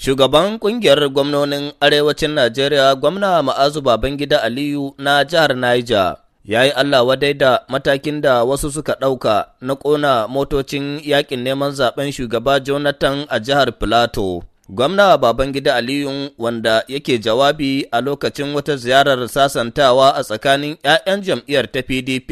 Shugaban kungiyar gwamnonin Arewacin Najeriya gwamna Ma'azu Babangida Aliyu na jihar Niger ya yi Allah wadai da matakin da wasu suka ɗauka na ƙona motocin yaƙin neman zaɓen shugaba Jonathan a jihar Filato. Gwamna Babangida Aliyu wanda yake jawabi a lokacin wata ziyarar sasantawa a tsakanin 'ya'yan jam'iyyar ta PDP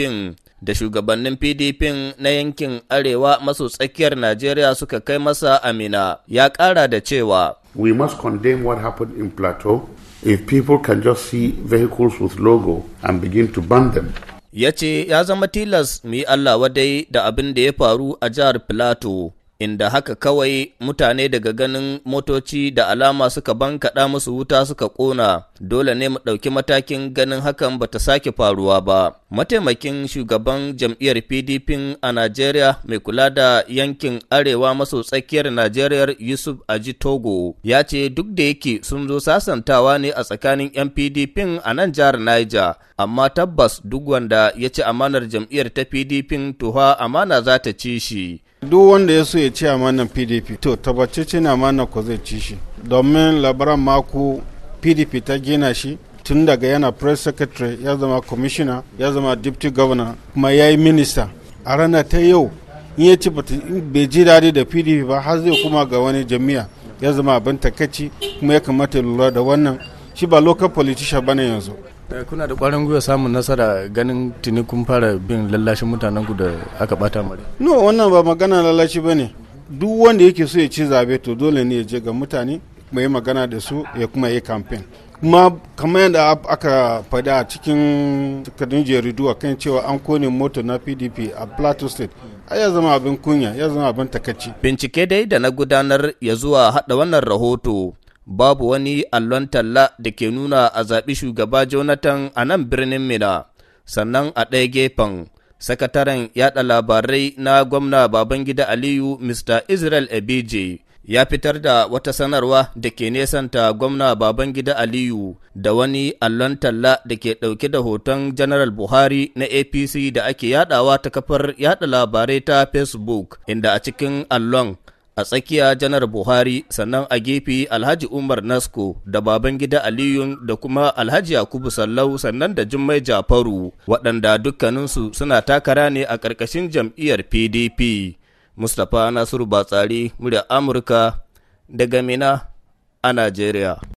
da shugabannin PDP na yankin Arewa maso tsakiyar Najeriya suka kai masa amina ya ƙara da cewa. We must condemn what happened in Plateau if people can just see vehicles with logo and begin to ban them. Ya ce ya zama tilas mu yi Allah wadai da abin da ya faru a jihar Plateau inda haka kawai mutane daga ganin motoci da alama suka ban kaɗa musu wuta suka ƙona dole ne mu ɗauki matakin ganin hakan ba ta sake faruwa ba. Mataimakin shugaban jam'iyyar PDP a Najeriya mai kula da yankin arewa maso tsakiyar Najeriya Yusuf Aji Togo ya ce duk da yake sun zo sasantawa ne a tsakanin 'yan PDP a nan jihar Niger, amma tabbas duk wanda ya ci amanar jam'iyyar ta PDP tuha amana za ta ci shi. duk wanda ya so ya ci a mana pdp to ce na mana ko zai ci shi domin labaran mako pdp ta gina shi tun daga yana press secretary ya zama commissioner ya zama deputy governor kuma ya yi minista a rana ta yau in ya ci bai ji daɗi da pdp ba har zai kuma ga wani jami'a ya zama abin takaici kuma ya kamata lura da wannan shi ba local politician bane yanzu Eh, kuna da kwarin gwiwa samun nasara ganin tuni kun fara bin lallashin mutanen ku da aka bata mare no wannan ba magana lallashi ne duk wanda yake so ya ci zabe to dole ne ya je ga mutane yi magana da su ya kuma yi campaign kuma kamar yadda aka faɗi a cikin takardun jaridu a kan cewa an kone mota na pdp a plateau state a ya zama abin kunya ya zama abin takaici bincike dai da na gudanar ya zuwa haɗa wannan rahoto babu wani allon talla da ke nuna a zaɓi shugaba Jonathan a nan birnin Mina, sannan a ɗaya gefen sakataren yaɗa labarai na gwamna Babangida Aliyu Mr. Israel Ebije ya fitar da wata sanarwa da ke nesanta gwamna Babangida Aliyu da wani allon talla da ke ɗauke da hoton General Buhari na APC da ake yaɗawa ta kafar yaɗa labarai ta Facebook, inda a cikin allon a tsakiya janar buhari sannan a gefe alhaji umar nasko da babangida aliyun da kuma alhaji yakubu sallau sannan da jummai jafaru waɗanda dukkaninsu suna takara ne a ƙarƙashin jam'iyyar pdp mustapha nasiru batsari murya amurka daga mina a najeriya